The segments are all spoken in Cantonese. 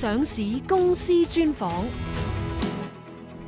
上市公司專訪。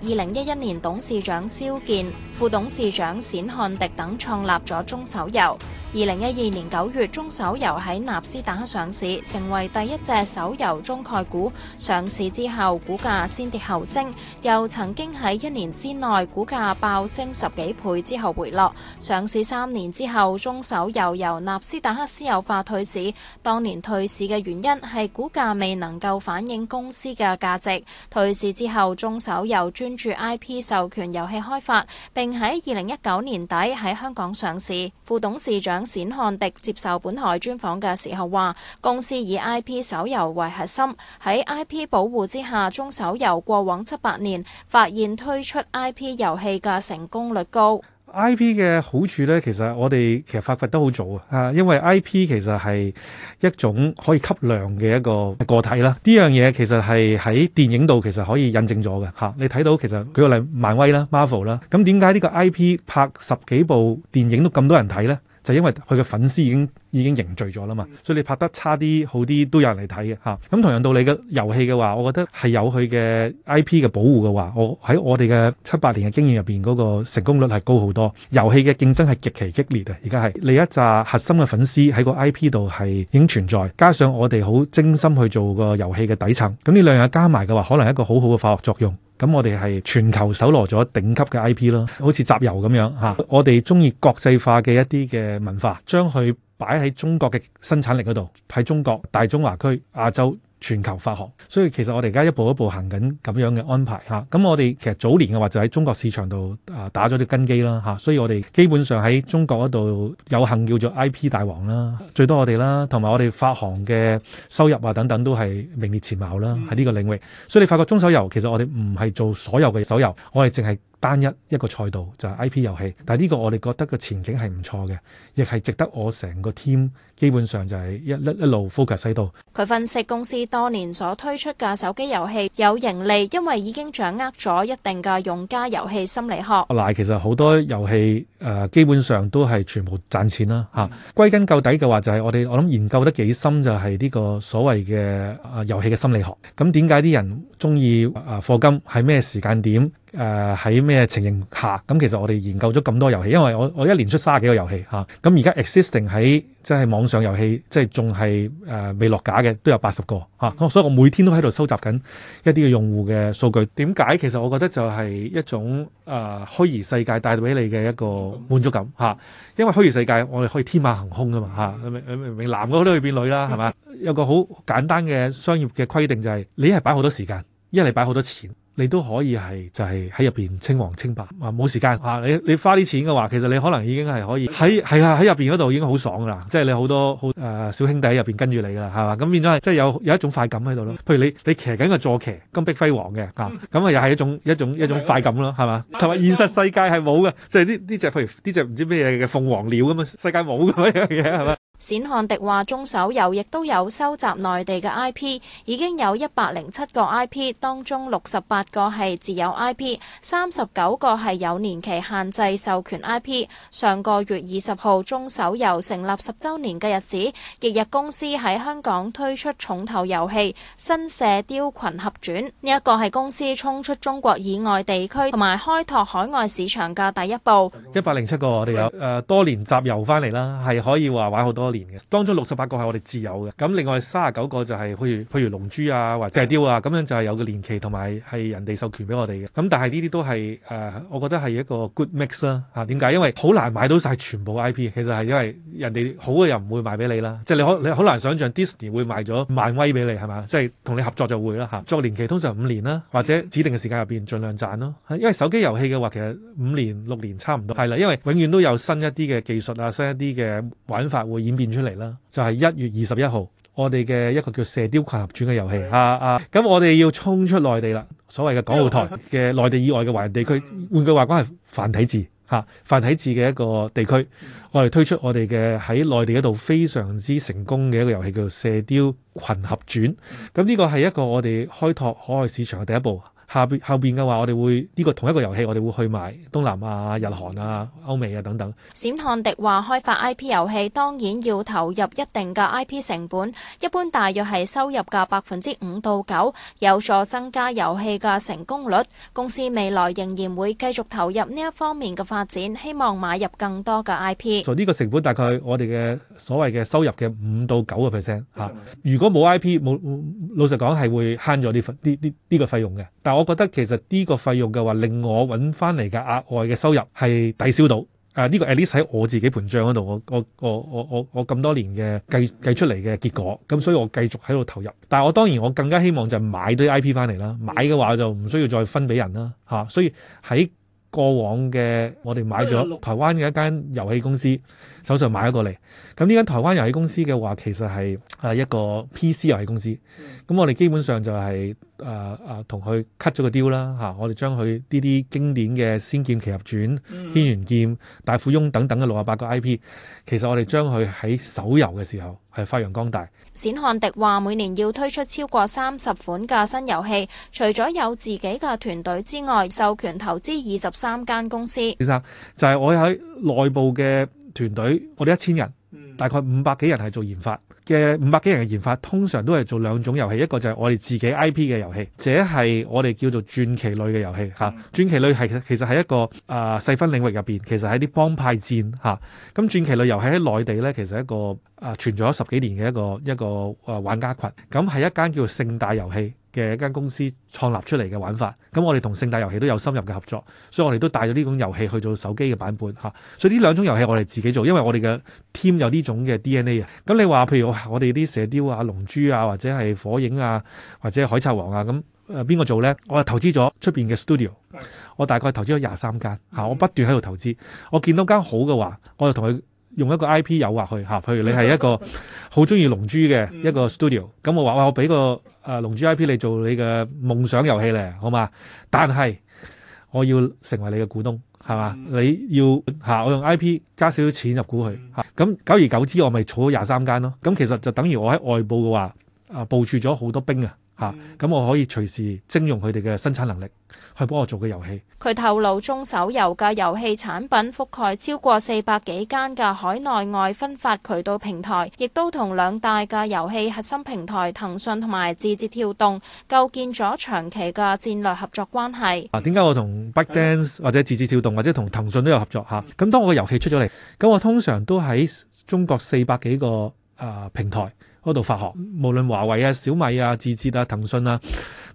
二零一一年，董事長肖健、副董事長冼漢迪等創立咗中手游。二零一二年九月，中手游喺納斯達克上市，成為第一隻手遊中概股。上市之後，股價先跌後升，又曾經喺一年之內股價爆升十幾倍之後回落。上市三年之後，中手游由納斯達克私有化退市。當年退市嘅原因係股價未能夠反映公司嘅價值。退市之後，中手游專注 IP 授權遊戲開發，并喺二零一九年底喺香港上市。副董事長。冼漢迪接受本台專訪嘅時候話，公司以 I P 手遊為核心喺 I P 保護之下，中手遊過往七八年發現推出 I P 遊戲嘅成功率高。I P 嘅好處呢，其實我哋其實發掘得好早啊。啊，因為 I P 其實係一種可以吸量嘅一個個體啦。呢樣嘢其實係喺電影度其實可以印證咗嘅吓。你睇到其實舉個例，漫威啦，Marvel 啦、啊，咁點解呢個 I P 拍十幾部電影都咁多人睇呢？就因為佢嘅粉絲已經已經凝聚咗啦嘛，所以你拍得差啲好啲都有人嚟睇嘅嚇。咁同樣道理，嘅遊戲嘅話，我覺得係有佢嘅 IP 嘅保護嘅話，我喺我哋嘅七八年嘅經驗入邊嗰個成功率係高好多。遊戲嘅競爭係極其激烈啊！而家係你一紮核心嘅粉絲喺個 IP 度係已經存在，加上我哋好精心去做個遊戲嘅底層，咁呢兩樣加埋嘅話，可能係一個好好嘅化學作用。咁、嗯、我哋係全球搜羅咗頂級嘅 IP 咯，好似集郵咁樣嚇、啊啊。我哋中意國際化嘅一啲嘅文化，將佢擺喺中國嘅生產力嗰度，喺中國大中華區、亞洲，全球發行，所以其實我哋而家一步一步行緊咁樣嘅安排嚇。咁、啊、我哋其實早年嘅話就喺中國市場度啊打咗啲根基啦嚇、啊，所以我哋基本上喺中國嗰度有幸叫做 IP 大王啦，最多我哋啦，同埋我哋發行嘅收入啊等等都係名列前茅啦，喺呢個領域。所以你發覺中手遊其實我哋唔係做所有嘅手遊，我哋淨係，單一一個賽道就係、是、IP 遊戲，但係呢個我哋覺得個前景係唔錯嘅，亦係值得我成個 team 基本上就係一一路 focus 喺度。佢分析公司多年所推出嘅手機遊戲有盈利，因為已經掌握咗一定嘅用家遊戲心理學。嗱，其實好多遊戲誒，基本上都係全部賺錢啦嚇。嗯、歸根究底嘅話就，就係我哋我諗研究得幾深，就係呢個所謂嘅誒遊戲嘅心理學。咁點解啲人鍾意誒課金？係咩時間點？誒喺咩情形下？咁其實我哋研究咗咁多遊戲，因為我我一年出卅幾個遊戲嚇。咁而家 existing 喺即係網上遊戲，即係仲係誒未落架嘅，都有八十個嚇。咁所以我每天都喺度收集緊一啲嘅用戶嘅數據。點解其實我覺得就係一種誒虛擬世界帶俾你嘅一個滿足感嚇。因為虛擬世界我哋可以天馬行空啊嘛嚇。你明唔明？男嘅都可以變女啦，係嘛？有個好簡單嘅商業嘅規定就係，你係擺好多時間，一係擺好多錢。你都可以係就係喺入邊稱王稱霸，啊！冇時間啊，你你花啲錢嘅話，其實你可能已經係可以喺係啊喺入邊嗰度已經好爽噶啦！即係你好多好誒、呃、小兄弟喺入邊跟住你噶啦，係嘛？咁變咗即係有有一種快感喺度咯。譬如你你騎緊個坐騎金碧輝煌嘅啊，咁啊又係一種一種一種快感咯，係嘛？同埋現實世界係冇嘅，即係呢呢隻譬如呢隻唔知咩嘢嘅鳳凰鳥咁啊，世界冇咁樣嘢，係嘛？ 冼漢迪話：中手游亦都有收集內地嘅 IP，已經有一百零七個 IP，當中六十八個係自有 IP，三十九個係有年期限制授權 IP。上個月二十號，中手游成立十週年嘅日子，翌日公司喺香港推出重頭遊戲《新射雕群俠傳》。呢一個係公司衝出中國以外地區同埋開拓海外市場嘅第一步。一百零七個我哋有，誒、呃、多年集遊翻嚟啦，係可以話玩好多。年嘅，當中六十八個係我哋自有嘅，咁另外三十九個就係譬如譬如，龍珠啊或者雕啊咁樣，就係有個年期同埋係人哋授權俾我哋嘅，咁但係呢啲都係誒、呃，我覺得係一個 good mix 啦、啊、吓，點、啊、解？因為好難買到晒全部 IP，其實係因為人哋好嘅又唔會賣俾你啦，即係你可你好難想象 Disney 會賣咗漫威俾你係嘛，即係同你合作就會啦吓、啊，作年期通常五年啦、啊、或者指定嘅時間入邊盡量賺咯、啊，因為手機遊戲嘅話其實五年六年差唔多係啦，因為永遠都有新一啲嘅技術啊新一啲嘅玩法會演變出嚟啦，就係、是、一月二十一號，我哋嘅一個叫《射鵰群俠傳》嘅遊戲，啊啊，咁我哋要衝出內地啦，所謂嘅港澳台嘅內地以外嘅華人地區，換句話講係繁體字吓、啊，繁體字嘅一個地區，我哋推出我哋嘅喺內地嗰度非常之成功嘅一個遊戲叫做《射鵰群俠傳》，咁呢個係一個我哋開拓海外市場嘅第一步。下邊後邊嘅話，我哋會呢個同一個遊戲，我哋會去買東南亞、日韓啊、歐美啊等等。冼漢迪話開發 IP 遊戲當然要投入一定嘅 IP 成本，一般大約係收入嘅百分之五到九，有助增加遊戲嘅成功率。公司未來仍然會繼續投入呢一方面嘅發展，希望買入更多嘅 IP。呢個成本大概我哋嘅所謂嘅收入嘅五到九個 percent 嚇。如果冇 IP 冇老實講係會慳咗呢呢呢呢個費用嘅，但我覺得其實呢個費用嘅話，令我揾翻嚟嘅額外嘅收入係抵消到。啊，呢、這個 at least 喺我自己盤賬嗰度，我我我我我我咁多年嘅計計出嚟嘅結果。咁所以我繼續喺度投入。但係我當然我更加希望就係買啲 IP 翻嚟啦。買嘅話就唔需要再分俾人啦。嚇、啊！所以喺過往嘅我哋買咗台灣嘅一間遊戲公司手上買咗過嚟。咁呢間台灣遊戲公司嘅話，其實係係一個 PC 遊戲公司。咁我哋基本上就係、是。誒誒，同佢、呃呃、cut 咗個雕啦嚇，我哋將佢呢啲經典嘅《仙劍奇俠傳》、《軒轅劍》、《大富翁》等等嘅六十八個 IP，其實我哋將佢喺手遊嘅時候係發揚光大。冼漢迪話每年要推出超過三十款嘅新遊戲，除咗有自己嘅團隊之外，授權投資二十三間公司。其實，就係我喺內部嘅團隊，我哋一千人，大概五百幾人係做研發。嘅五百幾人嘅研發，通常都係做兩種遊戲，一個就係我哋自己 IP 嘅遊戲，即係我哋叫做傳奇類嘅遊戲嚇。傳、嗯、奇類係其實係一個啊細、呃、分領域入邊，其實係啲幫派戰嚇。咁、啊、傳奇類遊戲喺內地咧，其實一個啊、呃、存在咗十幾年嘅一個一個、呃、玩家群。咁係一間叫做盛大遊戲，嘅一間公司創立出嚟嘅玩法，咁我哋同盛大遊戲都有深入嘅合作，所以我哋都帶咗呢種遊戲去做手機嘅版本嚇、啊。所以呢兩種遊戲我哋自己做，因為我哋嘅 team 有呢種嘅 DNA 啊。咁你話譬如我哋啲射雕啊、龍珠啊，或者係火影啊，或者海賊王啊，咁誒邊個做呢？我係投資咗出邊嘅 studio，我大概投資咗廿三間嚇、啊，我不斷喺度投資，嗯嗯我見到間好嘅話，我就同佢，用一個 IP 誘惑佢嚇，譬如你係一個好中意龍珠嘅一個 studio，咁我話哇，我俾個誒、呃、龍珠 IP 你做你嘅夢想遊戲咧，好嘛？但係我要成為你嘅股東，係嘛？你要嚇、啊，我用 IP 加少少錢入股去嚇，咁久而久之，我咪儲咗廿三間咯。咁其實就等於我喺外部嘅話，啊部署咗好多兵啊！嚇，咁、啊、我可以隨時徵用佢哋嘅生產能力，去幫我做個遊戲。佢透露中手游嘅遊戲產品覆蓋超過四百幾間嘅海內外分發渠道平台，亦都同兩大嘅遊戲核心平台騰訊同埋字節跳動構建咗長期嘅戰略合作關係。啊，點解我同 ByteDance 或者字節跳動或者同騰訊都有合作嚇？咁、啊、當我個遊戲出咗嚟，咁我通常都喺中國四百幾個啊、呃、平台。嗰度發行，無論華為啊、小米啊、字節啊、騰訊啊，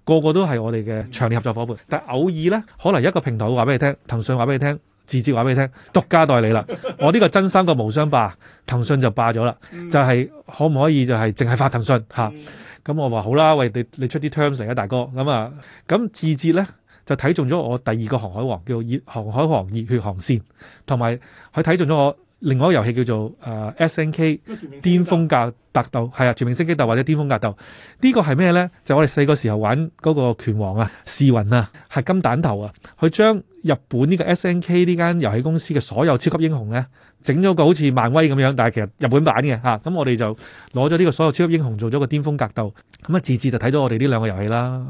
個個都係我哋嘅長年合作伙伴。但偶爾咧，可能一個平台會話俾你聽，騰訊話俾你聽，字節話俾你聽，獨家代理啦。我呢個真三個無雙霸，騰訊就霸咗啦，就係、是、可唔可以就係淨係發騰訊嚇？咁、啊嗯嗯嗯、我話好啦，喂你你出啲 terms 啊，大哥咁啊。咁、嗯嗯、字節咧就睇中咗我第二個航海王叫熱航海王熱血航線，同埋佢睇中咗我。另外一個遊戲叫做誒、呃、S N K，巔峰格格鬥係啊，全明星格鬥星斗或者巔峰格鬥、這個、呢個係咩咧？就我哋細個時候玩嗰個拳王啊、侍魂啊、合金彈頭啊，佢將日本呢個 S N K 呢間遊戲公司嘅所有超級英雄咧，整咗個好似漫威咁樣，但係其實日本版嘅吓，咁、啊、我哋就攞咗呢個所有超級英雄做咗個巔峰格鬥。咁啊，自至就睇咗我哋呢兩個遊戲啦。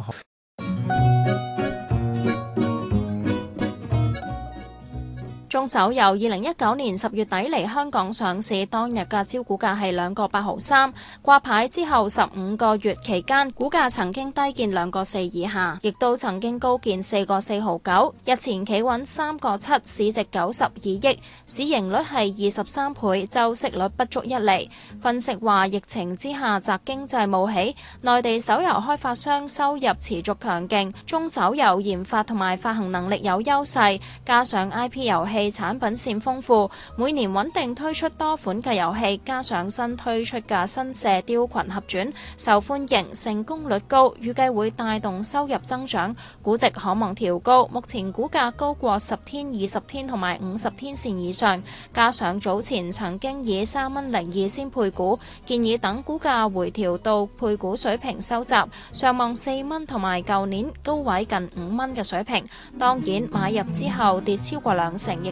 手遊二零一九年十月底嚟香港上市當日嘅招股價係兩個八毫三，掛牌之後十五個月期間，股價曾經低見兩個四以下，亦都曾經高見四個四毫九。日前企穩三個七，市值九十二億，市盈率係二十三倍，周息率,率不足一厘。分析話疫情之下宅經濟冒起，內地手遊開發商收入持續強勁，中手遊研發同埋發行能力有優勢，加上 I P 遊戲。產品線豐富，每年穩定推出多款嘅遊戲，加上新推出嘅新射雕群俠傳受歡迎，成功率高，預計會帶動收入增長，估值可望調高。目前股價高過十天、二十天同埋五十天線以上，加上早前曾經以三蚊零二先配股，建議等股價回調到配股水平收集，上望四蚊同埋舊年高位近五蚊嘅水平。當然買入之後跌超過兩成，亦